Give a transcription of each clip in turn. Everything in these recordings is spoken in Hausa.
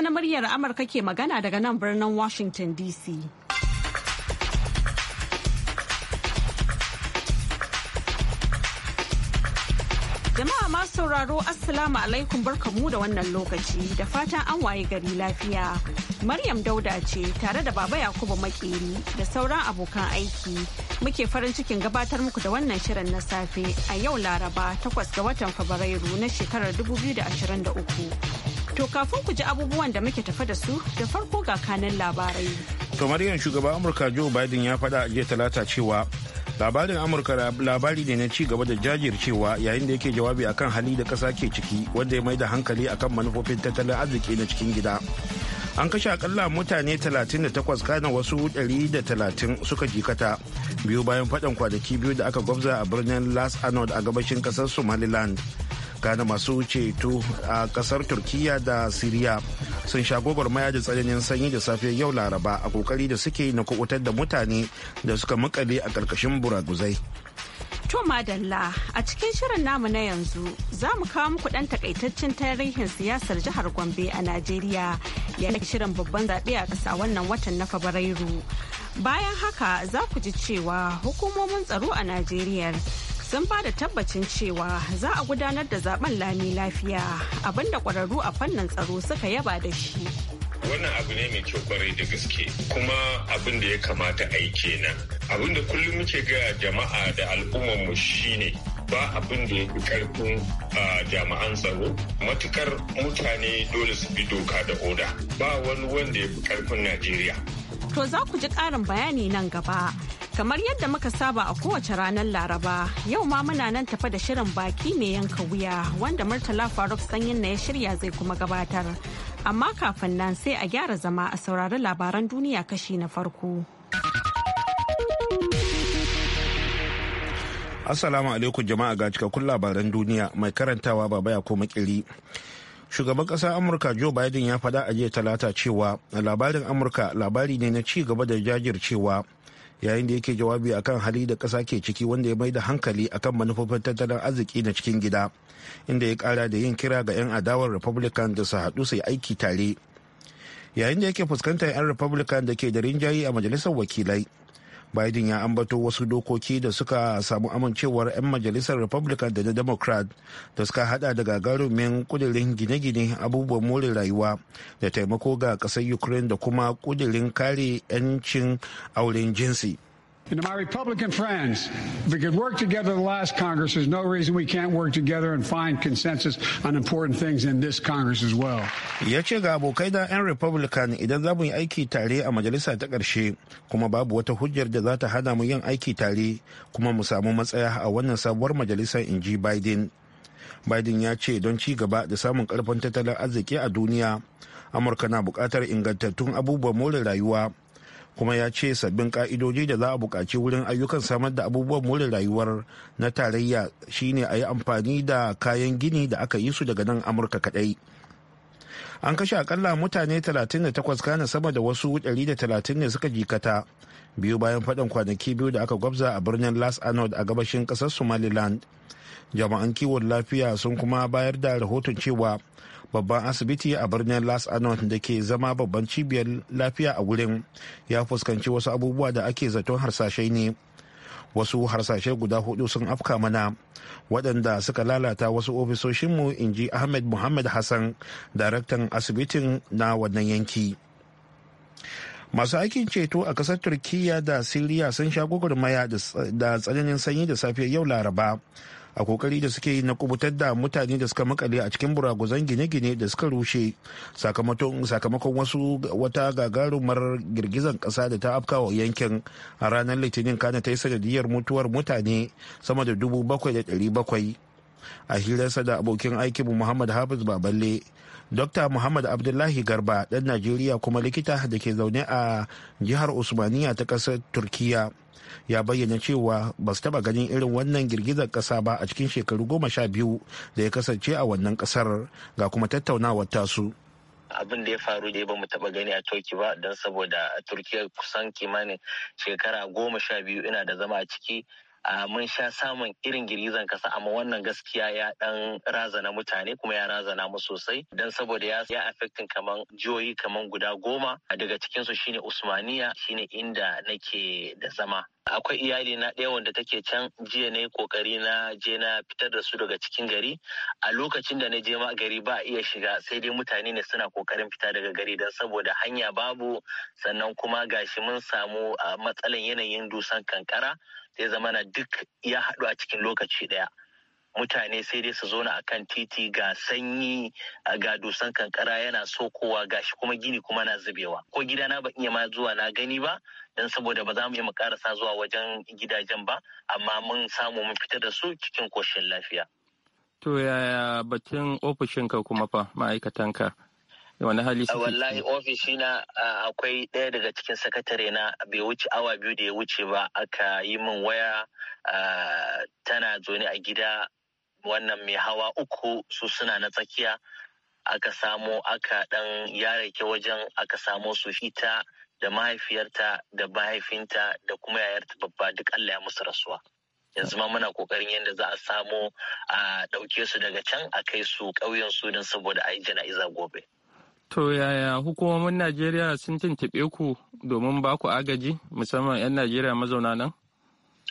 Hausa na muryar Amurka ke magana daga nan birnin Washington DC. Jama'a masu sauraro Assalamu alaikum barkamu da wannan lokaci da fatan an waye gari lafiya. Maryam Dauda ce tare da Baba Yakubu Makeri da sauran abokan aiki muke farin cikin gabatar muku da wannan shirin na safe a yau Laraba 8 ga watan Fabrairu na shekarar 2023. To kafin ku ji abubuwan da muke tafa da su da farko ga kanan labarai. To Maryam shugaban Amurka Joe Biden ya fada a jiya talata cewa labarin Amurka labari ne na ci gaba da jajircewa yayin da yake jawabi akan hali da ƙasa ke ciki wanda ya mai da hankali akan manufofin tattalin arziki na cikin gida. An kashe akalla mutane 38 kana wasu 130 suka jikata biyu bayan faɗan kwanaki biyu da aka gwabza a birnin Las Anod a gabashin ƙasar Somaliland. kana masu ceto a kasar turkiya da siriya sun sha maya da tsananin sanyi da safiyar yau laraba a kokari da suke na kubutar da mutane da suka makale a karkashin buraguzai To madalla a cikin shirin namu na yanzu za mu kawo muku ɗan takaitaccen tarihin siyasar jihar Gombe a Najeriya yana shirin babban zaɓe a ƙasa wannan watan na Fabrairu. Bayan haka za ku ji cewa hukumomin tsaro a Najeriya sun ba da tabbacin cewa za a gudanar da zaben lami lafiya abinda kwararru a fannin tsaro suka yaba da shi. wannan abu ne mai kyau kwarai da gaske kuma abin da ya kamata a yi kenan abin da kullum muke ga jama'a da al'ummarmu shine ba abin da ya fi karfin jami'an tsaro matukar mutane dole su bi doka da oda ba wani wanda ya fi karfin najeriya to za ku ji karin bayani nan gaba Kamar yadda muka saba a kowace ranar Laraba, yau ma muna nan tafa da shirin baki ne yanka wuya wanda Murtala Faruk sanyin na ya shirya zai kuma gabatar. Amma kafin nan sai a gyara zama a saurari labaran duniya kashi na farko. Assalamu alaikum jama'a ga cikakkun labaran duniya mai karantawa baba ya koma kiri. shugaban ƙasar amurka joe biden ya faɗa a jiya talata cewa labarin amurka labari ne na ci gaba da jajircewa yayin da yake jawabi akan hali da ƙasa ke ciki wanda ya mai da hankali akan manufofin tattalin arziki na cikin gida inda ya kara da yin kira ga 'yan adawar republican da su haɗu su yi aiki tare yayin da yake fuskantar 'yan republican da ke da rinjaye a majalisar wakilai biden ya ambato wasu dokoki da suka samu amincewar 'yan majalisar republican da na democrat da suka hada da gagarumin kudirin gine-gine abubuwan more rayuwa da taimako ga kasar ukraine da kuma kudirin kare 'yancin auren jinsi And to my Republican friends, if we could work together the last Congress, there's no reason we can't work together and find consensus on important things in this Congress as well. Ya ce ga abokai da 'yan Republican idan za mu yi aiki tare a majalisa ta ƙarshe kuma babu wata hujjar da za ta hana mu yin aiki tare kuma mu samu matsaya a wannan sabuwar majalisar inji Biden. Biden ya ce don ci gaba da samun karfin tattalin arziki a duniya, Amurka na buƙatar ingantattun abubuwan more rayuwa kuma ya ce sabbin ka'idoji da za a buƙaci wurin ayyukan samar da abubuwan more rayuwar na tarayya shine a yi amfani da kayan gini da aka yi su daga nan amurka kadai an kashe akalla mutane 38 kana sama da wasu 130 ne suka jikata biyu bayan faɗin kwanaki biyu da aka gwabza a birnin las anod a gabashin ƙasar somaliland jama'an kiwon lafiya sun kuma bayar da rahoton cewa babban asibiti a birnin las anon da ke zama babban cibiyar lafiya a wurin ya fuskanci wasu abubuwa da ake zaton harsashai ne wasu harsashe guda hudu sun afka mana waɗanda suka lalata wasu ofisoshinmu in ji ahmed muhammad hassan daraktan asibitin na wannan yanki masu aikin ceto a ƙasar turkiya da siriya sun sha gwagwarmaya da tsananin sanyi da safiyar yau laraba a kokari da suke yi na kubutar da mutane da suka makale a cikin buraguzan gine-gine da suka rushe sakamakon wasu wata gagarumar girgizar kasa da ta afkawa yankin a ranar litinin kana ta yi sanadiyar mutuwar mutane sama da dubu bakwai da ɗari bakwai a hirarsa da abokin aikinmu muhammad hafiz baballe dr muhammad abdullahi garba dan najeriya kuma likita da ke zaune a jihar usmaniya ta ƙasar turkiya ya bayyana cewa ba su taba ganin irin wannan girgizar ƙasa ba a cikin shekaru goma sha biyu da ya kasance a wannan ƙasar ga kuma tattaunawar tasu abin da ya faru da ba mu taba gani a turki ba don saboda turkiya kusan kimanin shekara goma sha biyu ina da zama a ciki mun sha samun irin girgizan kasa amma wannan gaskiya ya dan razana mutane kuma ya razana mu sosai dan saboda ya ya affecting kaman jihohi kaman guda goma daga cikin su shine Usmaniya shine inda nake da zama akwai iyali na ɗaya wanda take can jiya ne kokari na je na fitar da su daga cikin gari a lokacin da na je ma gari ba a iya shiga sai dai mutane ne suna kokarin fita daga gari don saboda hanya babu sannan kuma gashi mun samu matsalan yanayin dusan kankara zai zama na duk ya haɗu a cikin lokaci ɗaya mutane sai dai su zo a kan titi ga sanyi ga dusan kankara yana sokowa gashi kuma gini kuma na zubewa ko gida na ban iya ma zuwa na gani ba don saboda ba za mu iya mu karasa zuwa wajen gidajen ba amma mun samu mun fita da su cikin koshin lafiya to yaya batun ofishinka kuma fa ma'aikatanka wani hali suke wallahi ofishi na akwai ɗaya daga cikin sakatare na bai wuce awa biyu da ya wuce ba aka yi min waya tana zaune a gida wannan mai hawa uku su suna na tsakiya aka samo aka dan yarake wajen aka samo su fita da mahaifiyarta da mahaifinta da kuma yayarta babba duk Allah ya musu rasuwa yanzu ma muna kokarin yadda za a samo a dauke su daga can a kai su ƙauyen su saboda a yi jana'iza gobe. To yaya hukumomin Najeriya sun tuntuɓe ku domin ba ku agaji musamman 'yan Najeriya mazauna nan?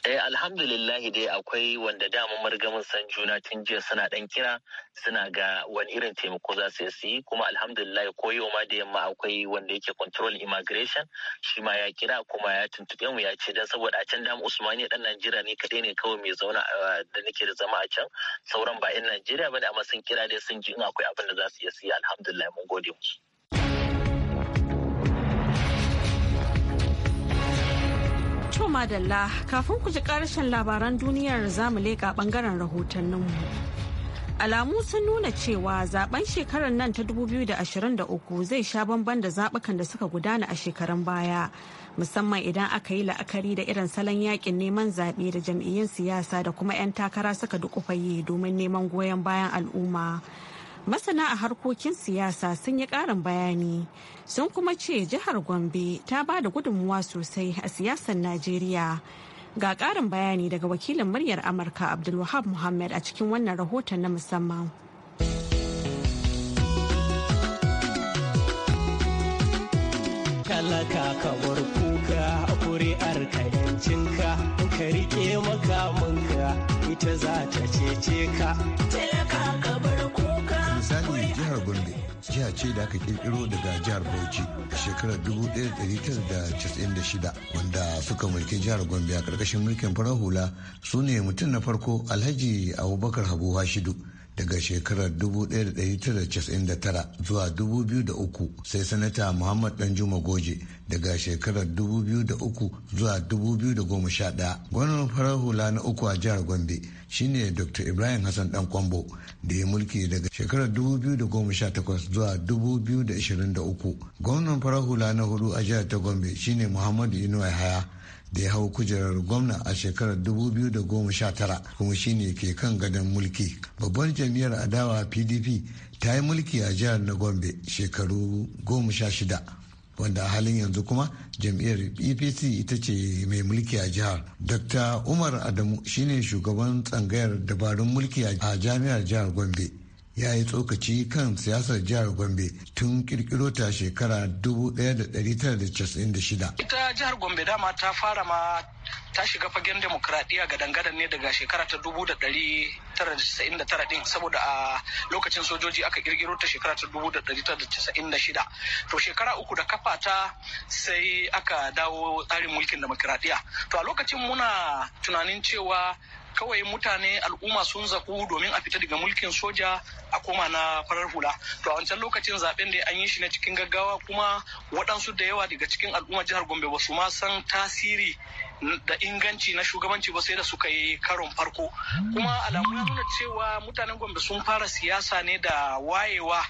Eh alhamdulillah dai akwai wanda dama margamin san juna tun jiya suna dan kira suna ga wani irin taimako za su yi kuma alhamdulillah ko yau ma da yamma akwai wanda yake control immigration shi ma ya kira kuma ya tuntuɓe mu ya ce dan saboda a can dama Usmani dan Najeriya ne kadai ne kawai mai zauna da nake da zama a can sauran ba 'yan Najeriya bane amma sun kira dai sun ji in akwai abin da za su iya siya alhamdulillah mun gode musu. To madalla kafin ku ji karshen labaran duniyar za mu leƙa bangaren rahotanninmu. Alamu sun nuna cewa zaben shekarar nan ta 2023 zai sha bamban da zabukan da suka gudana a shekarun baya. Musamman idan aka yi la'akari da irin salon yakin neman zaɓe da jam'iyyun siyasa da kuma 'yan takara suka duƙufa yi domin neman goyon bayan al'umma. masana a harkokin siyasa sun yi karin bayani sun kuma ce jihar gombe ta ba da gudunmuwa sosai a siyasar najeriya ga karin bayani daga wakilin muryar amurka abdulwahab muhammad a cikin wannan rahoton na musamman talaka ka bar kuka kuri'ar ka yancinka ka rike makamanka ita za ta cece ka jihar gombe jiha ce da aka kirkiro daga jihar bauchi a shekarar 1996 wanda suka mulki jihar gombe a ƙarƙashin mulkin farar hula su ne mutum na farko alhaji abubakar habu hashidu daga shekarar 1999 zuwa 2003 sai sanata muhammad danjuma goje daga shekarar 2003 zuwa 2011 gwamnan farar hula na uku a jihar gombe shine dr ibrahim hassan dan kwambo da ya mulki daga shekarar 2018 zuwa 2023 gwamnan farar hula na hudu a jihar ta gombe shine muhammadu inuwa haya da ya hau kujerar gwamna a shekarar 2019 kuma shine ke kan gadon mulki babbar jam'iyyar adawa pdp ta yi mulki a jihar na gombe shekaru 16 wanda a halin yanzu kuma jam'iyyar epc ita ce mai mulki a jihar dr umar adamu shine shugaban tsangayar dabarun mulki a jami'ar jihar gombe ya yi tsokaci kan siyasar jihar gombe tun kirkiro ta shekara 1996 ita jihar gombe dama ta fara ma ta shiga fagen demokradiyya ga dangadan ne daga shekara ta 1999 din saboda a lokacin sojoji aka kirkiro ta shekara ta 1996 to shekara uku da kafa ta sai aka dawo tsarin mulkin demokradiyya to a lokacin muna tunanin cewa kawai mutane al'umma sun zaku domin a fita daga mulkin soja a koma na farar hula to a wancan lokacin zaben da an yi shi na cikin gaggawa kuma waɗansu da yawa daga cikin al'umma jihar gombe ba su ma san tasiri da inganci na shugabanci ba sai da suka yi karon farko kuma alamu ya nuna cewa mutanen gombe sun fara siyasa ne da wayewa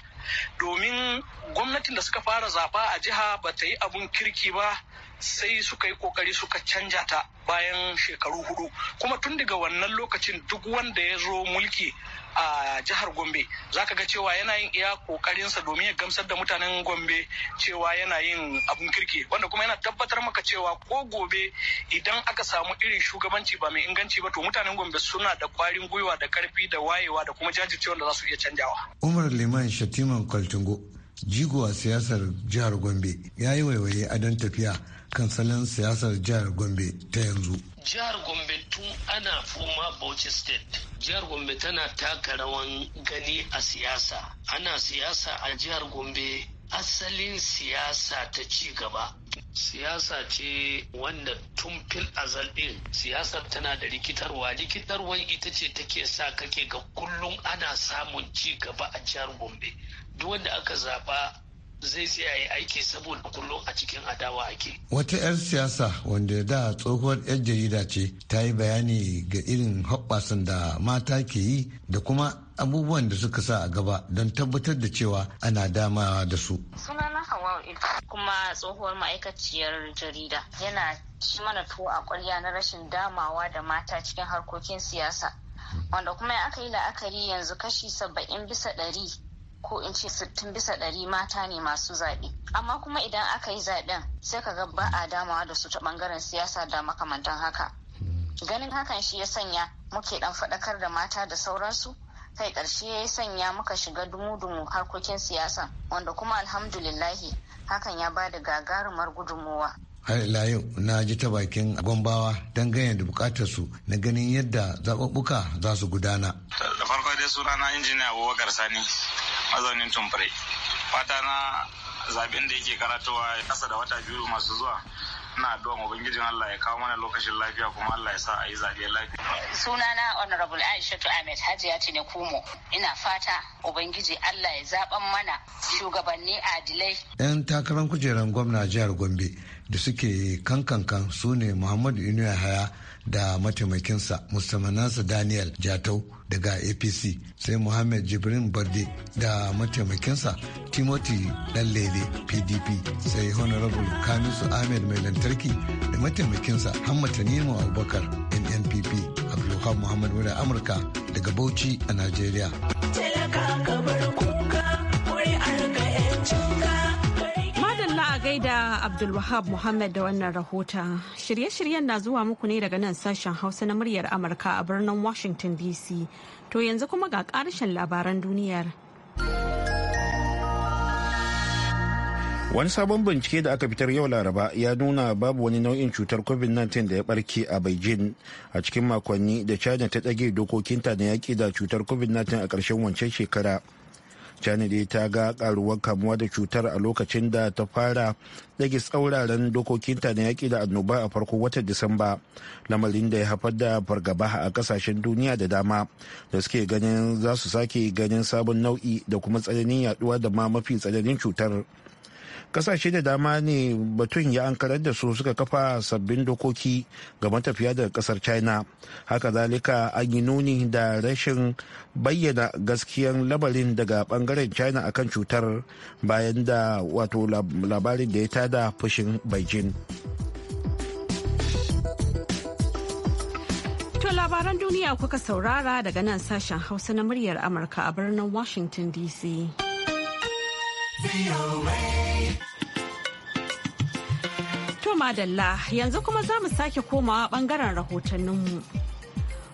domin gwamnatin da suka fara zaba a jiha ba ta yi abun kirki ba sai suka yi kokari suka canja ta bayan shekaru hudu kuma tun daga wannan lokacin duk wanda ya zo mulki a jihar gombe zaka ga cewa yana yin iya kokarinsa domin ya gamsar da mutanen gombe cewa yana yin abun kirki wanda kuma yana tabbatar maka cewa ko gobe idan aka samu irin shugabanci ba mai inganci ba to mutanen gombe suna da kwarin gwiwa da karfi da wayewa da kuma jajircewa da za su iya canjawa umar liman shatiman kwaltungo jigo a siyasar jihar gombe ya yi waiwaye adon tafiya kansalin siyasar jihar gombe ta yanzu jihar gombe tun ana Fuma bauchi state jihar gombe tana taka rawan gani a siyasa ana siyasa a jihar gombe asalin siyasa ta ci gaba siyasa ce wanda tun fil azal din siyasar tana da rikitarwa rikitarwan ita ce take sa kake ga kullum ana samun ci gaba a jihar gombe duk wanda aka zaba zai tsaya yi aiki saboda kullum a cikin adawa ake. Wata 'yar siyasa wanda da tsohuwar 'yar jarida ce ta yi bayani ga irin hoɓɓasan da mata ke yi da kuma abubuwan da suka sa a gaba don tabbatar da cewa ana dama da su. na Hawa kuma tsohuwar ma'aikaciyar jarida yana ci mana tuwo a ƙwarya na rashin damawa da mata cikin harkokin siyasa. Wanda kuma aka yi la'akari yanzu kashi saba'in bisa ɗari ko in ce sittin bisa ɗari mata ne masu zaɓe amma kuma idan aka yi zaɓen sai ka ga ba a damawa da su ta ɓangaren siyasa da makamantan haka ganin hakan shi ya sanya muke ɗan faɗakar da mata da sauransu kai ƙarshe ya sanya muka shiga dumu-dumu harkokin siyasa wanda kuma alhamdulillahi hakan ya ba da gagarumar gudunmuwa har ila yau na ji ta bakin gombawa dangane da bukatar su na ganin yadda zaɓuɓɓuka za su gudana. da farko dai na injiniya abubakar sani mazaunin tumfure fata na zaben da yake ya kasa da wata biyu masu zuwa ina addu'a ubangijin Allah ya kawo mana lokacin lafiya kuma Allah ya sa a yi zaɓe lafiya. Suna na Honorable Aishatu Ahmed Hajiya ne Kumo. Ina fata ubangiji Allah ya zaben mana shugabanni adilai. 'Yan takarar kujerar gwamna jihar Gombe da suke kankankan su ne Muhammadu Inuwa Haya da mataimakinsa mustamanansa daniel jatau daga apc sai muhammad jibrin barde da mataimakinsa timothy danlele pdp sai honorable Khamisu ahmed mai lantarki da mataimakinsa hammatanimu abubakar nnpp abdulhamid muhammad wadda amurka daga bauchi a nigeria gaida Abdulwahab Muhammad da wannan rahoton. Shirye-shiryen na zuwa muku ne daga nan sashen Hausa na muryar Amurka a birnin Washington DC. To yanzu kuma ga ƙarshen labaran duniyar. Wani sabon bincike da aka fitar yau Laraba ya nuna babu wani nau'in cutar COVID-19 da ya barke a Beijing a cikin makonni da China ta ɗage dokokinta na yaƙi da cutar COVID-19 a ƙarshen wancan shekara. china dai ta ga karuwar kamuwa da cutar a lokacin da ta fara rage tsauraran dokokinta na yaƙi da annoba a farko watan disamba lamarin da ya haifar da fargaba a ƙasashen duniya da dama da suke ganin za su sake ganin sabon nau'i da kuma tsananin yaduwa da ma mafi tsananin cutar kasashe da dama ne batun ya ankarar da su suka kafa sabbin dokoki ga matafiya daga kasar china haka zalika an yi nuni da rashin bayyana gaskiyan labarin daga bangaren china akan cutar bayan da wato labarin da ya tada fushin beijing labaran duniya kuka saurara daga nan sashen hausa na muryar amurka a birnin washington dc To madalla yanzu kuma za mu sake komawa bangaren rahotanninmu.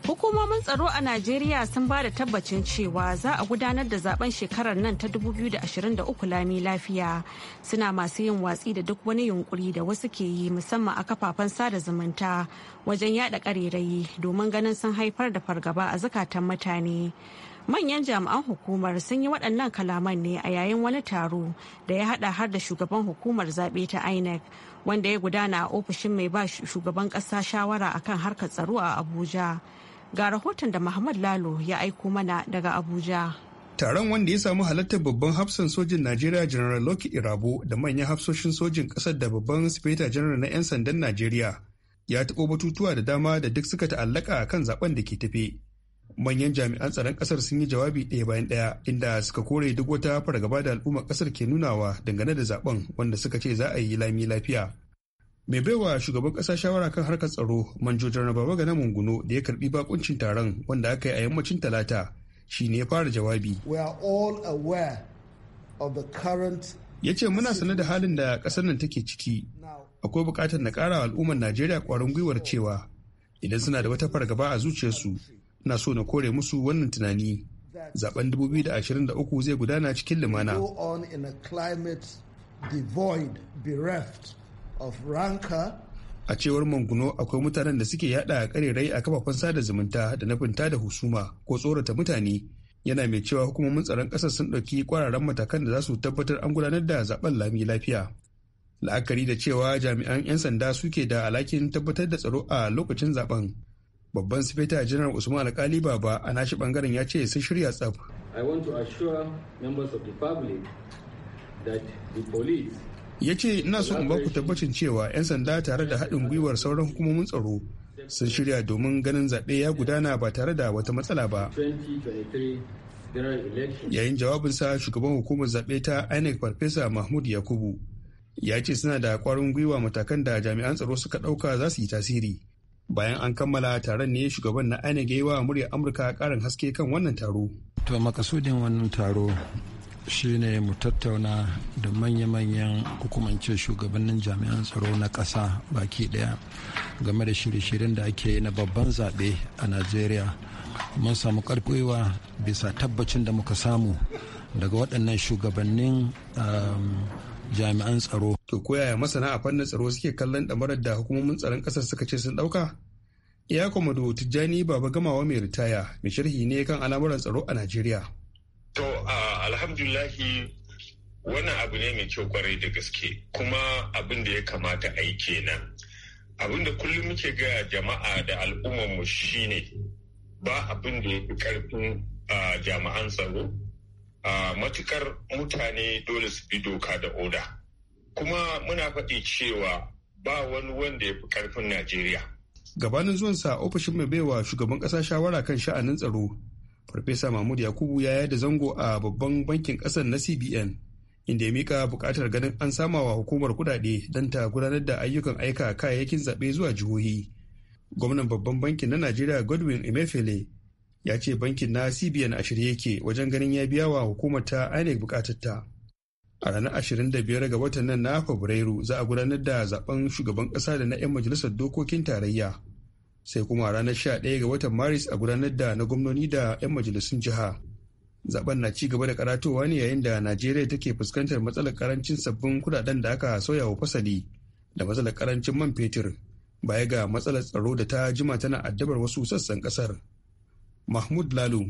Hukumomin tsaro a Najeriya sun ba da tabbacin cewa za a gudanar da zaben shekarar nan ta 2023 lami lafiya suna masu yin watsi da duk wani yunkuri da wasu ke yi musamman a kafafen sada zumunta wajen yada karerai domin ganin sun haifar da fargaba a zukatan mutane. manyan jami'an hukumar sun yi waɗannan kalaman ne a yayin wani taro da ya hada har da shugaban hukumar zaɓe ta inec wanda ya gudana a ofishin mai ba shugaban ƙasa shawara a kan harkar tsaro a abuja ga rahoton da muhammad lalo ya aiko mana daga abuja taron wanda ya samu halartar babban hafsan sojin najeriya general loki irabo da manyan hafsoshin sojin ƙasar da babban sifeta general na 'yan sandan najeriya ya taɓo batutuwa da dama da duk suka ta'allaka kan zaben da ke tafe manyan jami'an tsaron kasar sun yi jawabi ɗaya bayan ɗaya inda suka kore duk wata fargaba da al'ummar kasar ke nunawa dangane da zaben wanda suka ce za a yi lami lafiya mai baiwa shugaban kasa shawara kan harkar tsaro manjo ga babagana munguno da ya karbi bakuncin taron wanda aka yi a yammacin talata shi ne ya fara jawabi ya ce muna sane da halin da kasar nan take ciki akwai bukatar na karawa al'ummar najeriya kwarin gwiwar cewa idan suna da wata fargaba a zuciyarsu na so na kore musu wannan tunani zaben 2023 zai gudana cikin lumana a cewar manguno akwai mutanen da suke yada karerai a kafafen sada zumunta da nufinta da husuma ko tsorata mutane yana mai cewa hukumomin tsaron ƙasar sun ɗauki kwararren matakan da za su tabbatar an gudanar da zaben lami lafiya la'akari da cewa jami'an 'yan sanda suke da alhakin tabbatar da tsaro a lokacin zaben babban sifeta janar usman alkali baba a nashi bangaren ya ce sun shirya tsaf ya ce ina so in baku tabbacin cewa 'yan sanda tare da haɗin gwiwar sauran hukumomin tsaro sun shirya domin ganin zaɓe ya gudana ba tare da wata matsala ba yayin jawabinsa shugaban hukumar zaɓe ta inec farfesa mahmud yakubu ya ce suna da ƙwarin gwiwa matakan da jami'an tsaro suka ɗauka za su yi tasiri bayan an kammala taron ne shugaban na inec wa murya amurka karin haske kan wannan taro to makasudin wannan taro shine mu tattauna da manya-manyan hukumance shugabannin jami'an tsaro na ƙasa baki ɗaya game da shirye-shiryen da ake yi na babban zaɓe a najeriya mun samu ƙarfewa bisa tabbacin da muka samu daga waɗannan shugabannin um, jami'an tsaro. To yaya masana a fannin tsaro suke kallon ɗamarar da hukumomin tsaron ƙasar suka ce sun ɗauka? Ya kwamado Tijjani Baba Gamawa mai ritaya mai sharhi ne kan al'amuran tsaro a Najeriya. To alhamdulahi wannan abu ne mai kyau kwarai da gaske kuma abin da ya kamata a yi kenan. Abin da kullum muke ga jama'a da al'ummarmu shine ba abin da ya fi ƙarfin jami'an tsaro A matukar mutane dole su bi doka da oda kuma muna faɗi cewa ba wani wanda ya fi ƙarfin najeriya gabanin zuwansa ofishin mai baiwa shugaban ƙasa shawara kan sha'anin tsaro farfesa mahmud yakubu ya yada zango a babban bankin ƙasar na cbn inda ya mika buƙatar ganin an samawa hukumar kudade don ta gudanar da ayyukan aika kayayyakin zaɓe zuwa jihohi gwamnan babban bankin na najeriya godwin emefiele ya ce bankin na cbn a shirye yake wajen ganin ya biya wa hukumar ta inec ta. a ranar 25 ga watan nan na fabrairu za a gudanar da zaben shugaban kasa da na 'yan majalisar dokokin tarayya sai kuma a ranar 11 ga watan maris a gudanar da na gwamnoni da 'yan majalisun jiha zaben na ci gaba da karatowa ne yayin da najeriya take fuskantar matsalar karancin sabbin kudaden da aka sauya wa fasali da matsalar karancin man fetur baya ga matsalar tsaro da ta jima tana addabar wasu sassan kasar. Mahmud Lalo,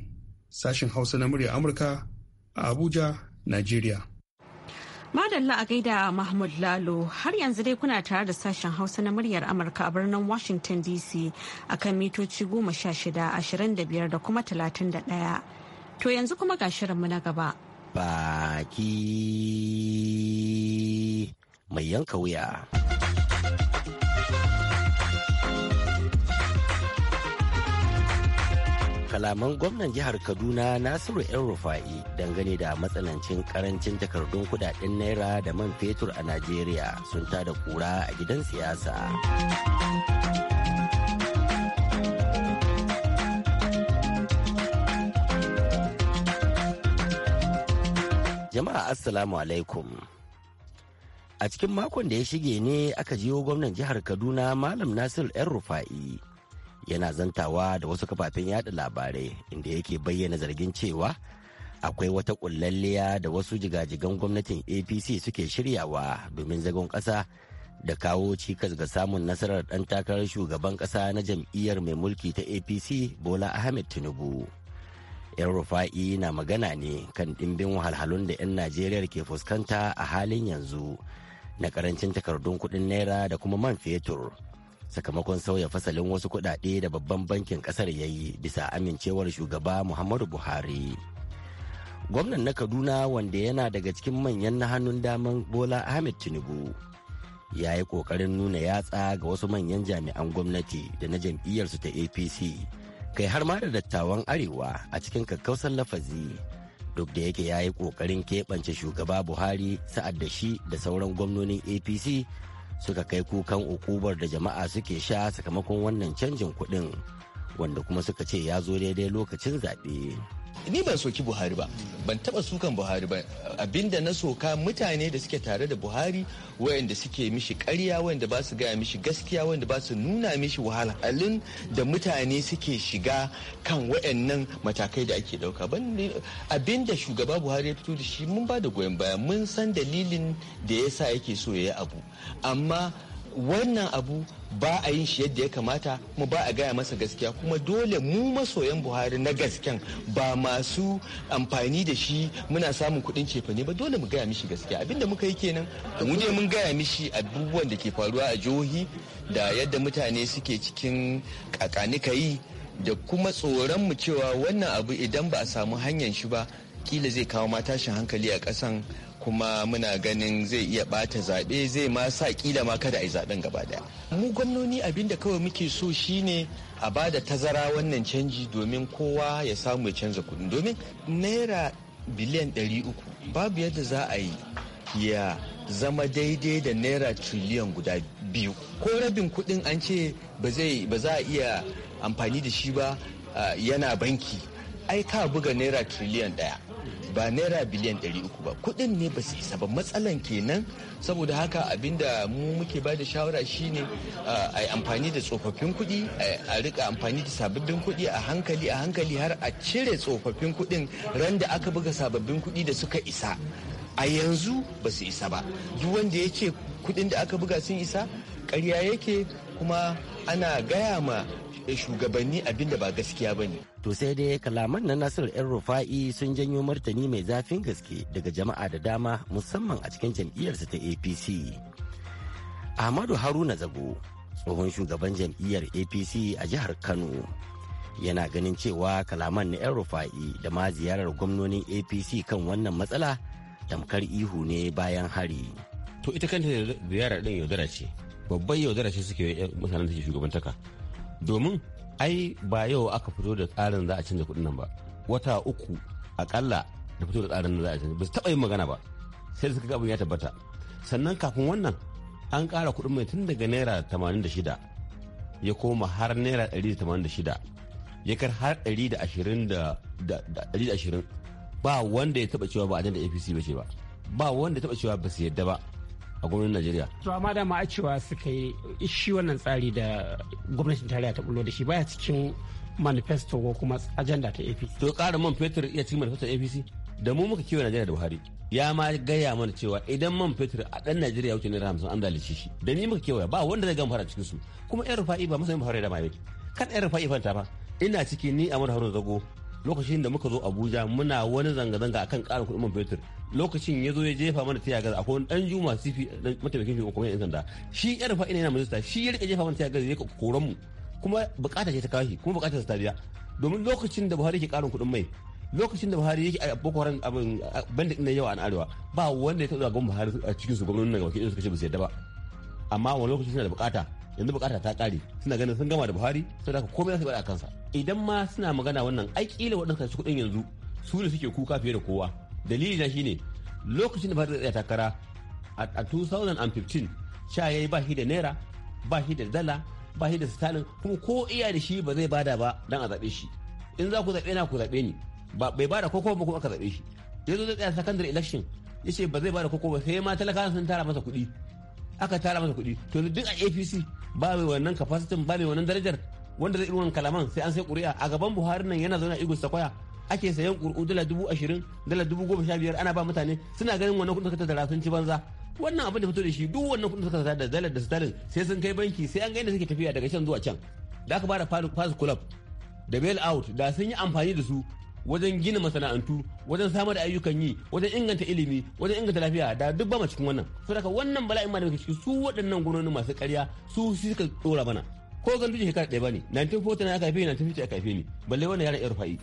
sashen Hausa na murya Amurka a Abuja, Najeriya. Madalla a gaida Mahmud Lalo har yanzu dai kuna tare da sashen Hausa na muryar Amurka a birnin Washington DC a kan mitoci goma sha shida ashirin da biyar da kuma talatin da ɗaya. To yanzu kuma ga shirinmu na gaba. Baki mai yanka wuya. kalaman gwamnan jihar Kaduna Nasiru ‘yan Rufa'i dangane da matsanancin karancin takardun kudaden naira da man fetur a Najeriya sun tada kura a gidan siyasa. Jama'a Assalamu alaikum. A cikin makon da ya shige ne aka jiyo gwamnan jihar Kaduna Malam Nasiru ‘yan Rufa'i. yana zantawa da wasu kafafen yada labarai inda yake bayyana zargin cewa akwai wata kullalliya da wasu jigajigan gwamnatin apc suke shiryawa domin zagon ƙasa da kawo cikas ga samun nasarar ɗan takarar shugaban ƙasa na jam'iyyar mai mulki ta apc bola ahmed tinubu yan rufa'i na magana ne kan ɗimbin wahalhalun da 'yan najeriya ke fuskanta a halin yanzu na karancin takardun kuɗin naira da kuma man fetur sakamakon sauya fasalin wasu kuɗaɗe da babban bankin ƙasar ya yi bisa amincewar shugaba muhammadu buhari gwamnan na kaduna wanda yana daga cikin manyan na hannun daman bola ahmed tinubu ya yi kokarin nuna yatsa ga wasu manyan jami'an gwamnati da na jam'iyyarsu ta apc kai har ma da dattawan arewa a cikin kakkausar lafazi duk da yake ya yi kokarin keɓance shugaba buhari sa'ad da shi da sauran gwamnonin apc suka kai kukan ukubar da jama'a suke sha sakamakon wannan canjin kuɗin wanda kuma suka ce ya zo daidai lokacin zaɓe. ni ban soki buhari ba ban taɓa sukan buhari ba abinda na soka mutane da suke tare da buhari wayanda suke mishi karya wayanda ba su gaya mishi gaskiya wayanda ba su nuna mishi wahalhalun da mutane suke shiga kan wayannan matakai da ake dauka abinda shugaba buhari ya fito da shi mun ba da goyon baya mun san dalilin da ya sa yake so ya yi abu amma wannan abu ba a yin shi yadda ya kamata kuma ba a gaya masa gaskiya kuma dole mu masoyan buhari na gasken ba masu amfani da shi muna samun kuɗin cefane ba dole mu gaya mishi gaskiya abinda muka yi kenan mu je mun gaya mishi abubuwan da ke faruwa a jihohi da yadda mutane suke cikin kakanikayi da kuma tsoron mu cewa wannan abu idan ba a samu hanyar shi ba kila zai kawo ma tashin hankali a kasan. kuma muna ganin zai iya bata zaɓe zai ma sa kila ma kada a yi zaɓen gaba daya mu gwamnoni abin da kawai muke so shine a ba da tazara wannan canji domin kowa ya samu ya canza kuɗi domin naira biliyan 300 babu yadda za a yi ya zama daidai da naira triliyan guda biyu ko rabin kuɗin an ce ba za a iya amfani da shi ba yana banki ai ka buga naira triliyan ɗaya ba naira biliyan 300 ba kuɗin ne ba su isa ba matsalan kenan saboda haka abinda mu muke ba da shawara shine a yi amfani da tsofaffin kuɗi a rika amfani da sababbin kuɗi a hankali a hankali har a cire tsofaffin kuɗin ran da aka buga sababbin kuɗi da suka isa a yanzu ba su isa ba duk wanda ya ce kuɗin da aka buga sun isa ƙarya yake kuma ana gaya ma shugabanni abinda ba gaskiya ba ne. To sai dai kalaman na Nasiru 'yan Rufa'i sun janyo martani mai zafin gaske daga jama'a da dama musamman a cikin jam'iyyarsa ta APC. Ahmadu Haruna Zago, tsohon shugaban jam'iyyar APC a jihar Kano. Yana ganin cewa kalaman na 'yan Rufa'i da ma ziyarar gwamnonin APC kan wannan matsala tamkar ihu ne bayan hari. To ita kanta ziyarar ɗin yaudara ce, babban yaudara ce suke mutanen da ke shugabantaka. domin ai ba yau aka fito da tsarin za a canza kuɗin nan ba wata uku akalla da fito da tsarin da za a canza ba su taɓa yin magana ba sai suka gabin ya tabbata sannan kafin wannan an ƙara kuɗin mai tun daga naira tamanin da shida ya koma har naira ɗari da tamanin da shida ya kar har ɗari da ashirin da ɗari da ashirin ba wanda ya taɓa cewa ba a da apc ba ce ba ba wanda ya taɓa cewa ba su yadda ba a gwamnatin najeriya to amma da ma a cewa suka yi shi wannan tsari da gwamnatin tarayya ta bulo da shi baya cikin manifesto ko kuma ajanda ta apc to ƙara man fetur iya cikin manifesto apc da mu muka kiwa najeriya da buhari ya ma gaya mana cewa idan man fetur a dan najeriya wuce naira hamsin an dalice shi da ni muka kewaya ba wanda zai gama fara cikin su kuma yan rufa'i ba masanin buhari da ma yake kan yan rufa'i fanta ba ina ciki ni a haruna zago lokacin da muka zo abuja muna wani zanga-zanga akan karin kuɗin man fetur lokacin ya zo ya jefa mana tiya gaza akwai dan juma sifi mataimakin shugaban kuma yan sanda shi yar ina yana minista shi ya rika jefa mana tiya gaza ya koran mu kuma bukata ce ta kashi kuma bukata ta tariya domin lokacin da buhari ke karin kuɗin mai lokacin da buhari yake a boko haram abin banda ina yawa an arewa ba wanda ya taɓa gwamnati buhari a cikin su gwamnati nan gaba ke suka ce ba su yadda ba amma wani lokacin suna da bukata yanzu bukata ta kare suna ganin sun gama da buhari sai da komai za su bada kansa idan ma suna magana wannan ai kila waɗanda su kuɗin yanzu su ne suke kuka fiye da kowa dalili na shine lokacin da buhari zai tsaya takara a 2015 sha yayi ba shi da naira ba shi da dala ba shi da sitalin kuma ko iya da shi ba zai bada ba dan a zaɓe shi in za ku zaɓe na ku zaɓe ni ba bai bada koko ba kuma aka zaɓe shi yanzu zai tsaya secondary election yace ce ba zai bada koko ba sai ma talakawa sun tara masa kuɗi aka tara masa kuɗi to duk a apc ba mai wannan capacity ba mai wannan darajar wanda zai irin kalaman sai an sai ƙuri'a a gaban buhari nan yana zaune a igus ta kwaya ake sayan ƙuri'u dala dubu ashirin dala dubu goma sha biyar ana ba mutane suna ganin wannan kuɗin suka tattara sun ci banza wannan abin da fito da shi duk wannan kuɗin suka tattara da dalar da sitalin sai sun kai banki sai an ga yadda suke tafiya daga can zuwa can da aka da pass club da bail out da sun yi amfani da su wajen gina masana'antu wajen samar da ayyukan yi wajen inganta ilimi wajen inganta lafiya da duk ba cikin wannan daga wannan bala'in ma da muke ciki su waɗannan gwamnoni masu ƙarya su suka dora mana ko gan duje shekara ɗaya bane 1940 na aka haife ni 1950 aka kafe ni balle wannan yaran rufa'i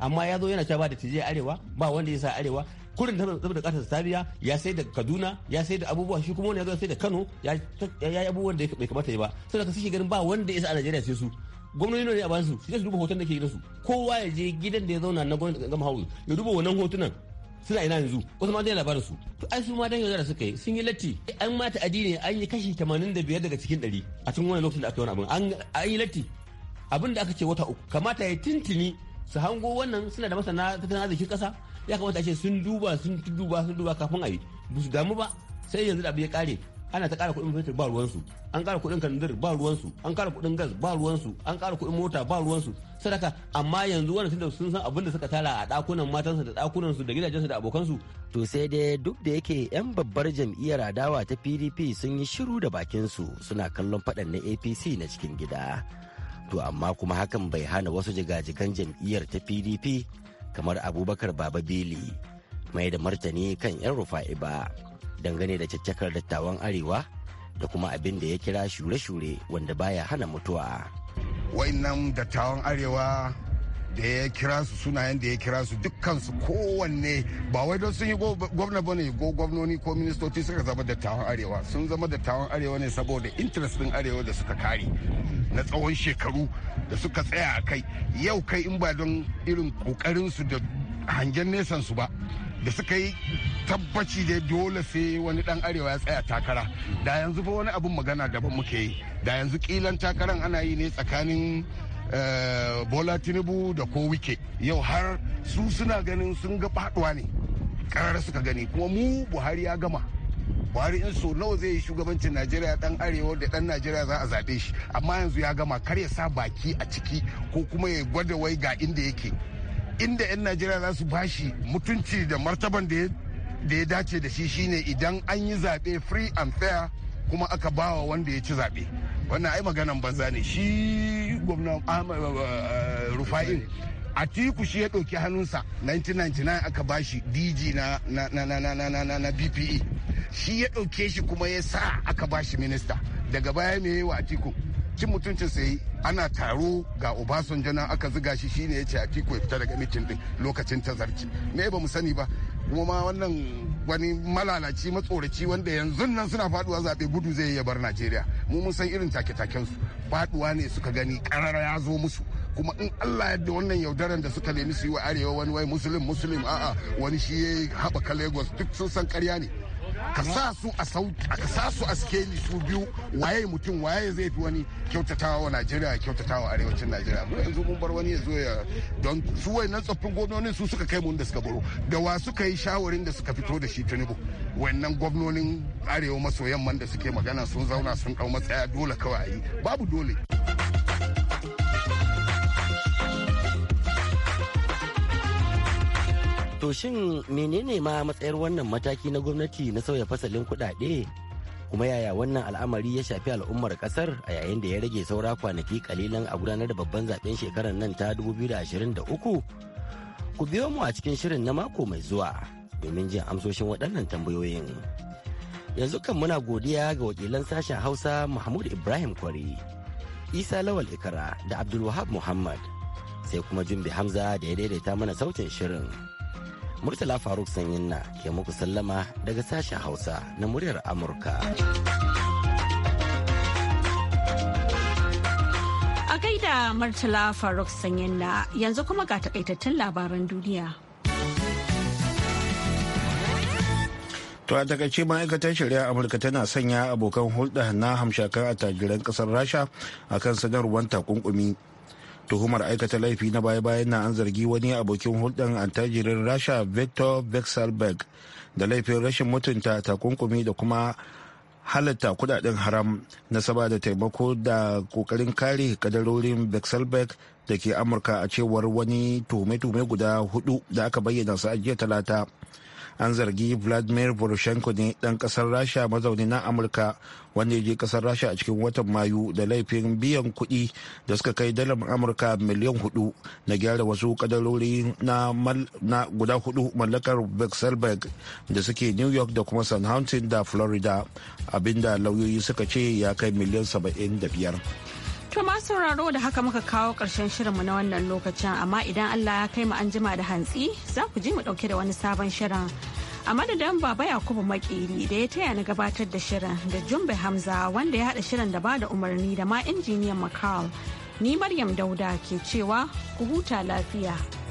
amma ya zo yana ta ba da tije arewa ba wanda ya sa arewa kurin da da kasar sabiya ya sai da kaduna ya sai da abubuwa shi kuma wani ya zo sai da kano ya yi abubuwan da bai kamata ya ba saboda ka suke ganin ba wanda ya sa a najeriya sai su gwamnati ne a bansu su je su duba hoton da ke su kowa ya je gidan da ya zauna na gwamnati gama hawu ya duba wannan hotunan suna ina yanzu wasu ma dai labarin su to ai su ma dan yaudara suka yi sun yi latti an mata addini an yi kashi 85 daga cikin 100 a cikin wani lokacin da aka yi wani abin an yi latti abin da aka ce wata uku kamata ya tintini su hango wannan suna da masana tattalin arzikin kasa ya kamata a ce sun duba sun duba sun duba kafin a yi ba su damu ba sai yanzu da abu ya kare ana ta kara kuɗin fetur ba ruwansu an kara kuɗin kandir ba ruwansu an kara kuɗin gas ba ruwansu an kara kuɗin mota ba ruwansu sadaka amma yanzu wani tunda sun san abin da suka tara a dakunan matansu da dakunansu da gidajensu da abokansu to sai dai duk da yake yan babbar jam'iyyar adawa ta PDP sun yi shiru da bakinsu suna kallon faɗan na APC na cikin gida to amma kuma hakan bai hana wasu jigajigan jam'iyyar ta PDP kamar Abubakar Baba Beli mai da martani kan 'yan rufa'i ba dangane da caccakar dattawan arewa da kuma abin da ya kira shure-shure wanda baya hana mutuwa. Wainan dattawan arewa da ya kira su sunayen da ya kira su dukkansu kowanne ba wai don sun yi gwamna ba ne ko gwamnoni ko ministoci suka zama dattawan arewa sun zama dattawan arewa ne saboda interest din arewa da suka kare na tsawon shekaru da suka tsaya a kai yau kai in ba don irin su da hangen nesan su ba da suka yi tabbaci da dole sai wani dan arewa ya tsaya takara da yanzu ba wani abin magana daban muke yi da yanzu kilan takaran ana yi ne tsakanin eh, bola tinubu da ko wike yau har su suna ganin sun ga faduwa ne karar suka gani kuma mu buhari ya gama buhari in so nawa zai yi shugabancin najeriya dan arewa da dan najeriya za a zaɓe shi amma yanzu ya gama kar ya sa baki a ciki ko kuma ya gwada wai ga inda yake inda 'yan najeriya za su bashi mutunci da martaban da ya dace da shi shine idan an yi zaɓe free and fair kuma aka bawa wanda ya ci zaɓe wannan ai maganan banza ne shi gwamnan eh, eh, rufa'in tiku shi ya ɗauki hannunsa 1999 aka bashi dg na na bpe shi ya ɗauke shi kuma ya sa aka bashi minista daga baya me yi wa atiku cin mutuncin sai ana taro ga obasanjo nan aka ziga shi shine ya ce a atiku ya fita daga mitin din lokacin tazarci me ba mu sani ba kuma ma wannan wani malalaci matsoraci wanda yanzu nan suna faduwa zaɓe gudu zai ya bar najeriya mu mun san irin take-taken su faduwa ne suka gani karara ya zo musu kuma in allah yadda wannan yaudaran da suka nemi su yi wa arewa wani wai musulun musulun a'a wani shi ya haɓaka lagos duk sun san ƙarya ne ka sa su a sauti ka sa su a su biyu waye mutum waye zai fi wani kyautatawa wa Najeriya kyautatawa arewacin Najeriya mu yanzu mun bar wani ya zo ya don su nan tsoffin gwamnonin su suka kai mun da suka baro da wa suka yi shawarin da suka fito da shi Tinubu wayannan gwamnonin arewa maso yamman da suke magana sun zauna sun dau matsaya dole kawai babu dole To shin menene ma matsayar wannan mataki na gwamnati na sauya fasalin kuɗaɗe? Kuma yaya wannan al'amari ya shafi al'ummar kasar a yayin da ya rage saura kwanaki kalilan a gudanar da babban zaben shekarar nan ta 2023? Ku biyo mu a cikin shirin na mako mai zuwa domin jin amsoshin waɗannan tambayoyin. Yanzu kan muna godiya ga wakilan sashen Hausa Mahmud Ibrahim Kwari, Isa Lawal Ikara da Abdulwahab Muhammad, sai kuma Jumbi Hamza da ya daidaita mana sautin shirin. Murtala Faruk Sanyinna ke muku sallama daga sashen Hausa na muryar Amurka. A gaida Murtala Faruk Sanyinna yanzu kuma ga takaitattun labaran duniya. To a takaice ma'aikatar shari'a Amurka tana sanya abokan hulɗa na hamshakan attajiran ƙasar Rasha akan sanarwar takunkumi. tuhumar aikata laifi na baya-bayan na an zargi wani abokin hulɗar antajirin rasha victor vexelberg da laifin rashin mutunta takunkumi da kuma halatta kudaden haram na da taimako da kokarin kare kadarorin vexelberg da ke amurka a cewar wani tuhume-tuhume guda hudu da aka bayyana su a jiya talata an zargi vladimir poroshenko ne dan kasar rasha mazauni na amurka wanda ya je kasar rasha a cikin watan mayu da laifin biyan kuɗi da suka kai dalar amurka miliyan hudu na gyara wasu kadarori na, guda hudu mallakar vexelberg da suke new york da kuma san da florida abinda lauyoyi suka ce ya kai miliyan saba'in da biyar. To ma sauraro da haka muka kawo ƙarshen shirinmu na wannan lokacin amma idan Allah ya kai mu an jima da hantsi za ku ji mu ɗauke da wani sabon shirin. A madadin Baba Yakubu Makeri da ya taya na gabatar da shirin da Jumbe Hamza wanda ya haɗa shirin da ba da umarni da ma injiniyan Makal. Ni Maryam Dauda ke cewa ku huta lafiya.